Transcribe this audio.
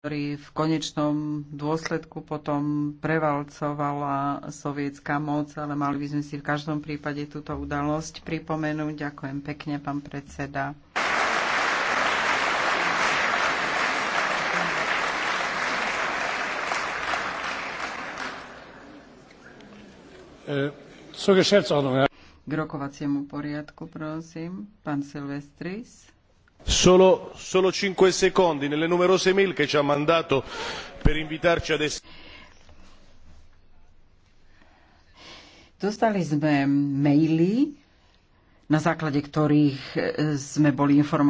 ktorý v konečnom dôsledku potom prevalcovala sovietská moc, ale mali by sme si v každom prípade túto udalosť pripomenúť. Ďakujem pekne, pán predseda. Eh, K rokovaciemu poriadku, prosím. Pán Silvestris. Solo, cinque secondi nelle numerose mail che ci ha mandato per invitarci ad essere. Dostali sme maily, na základe ktorých e, sme boli informovaní.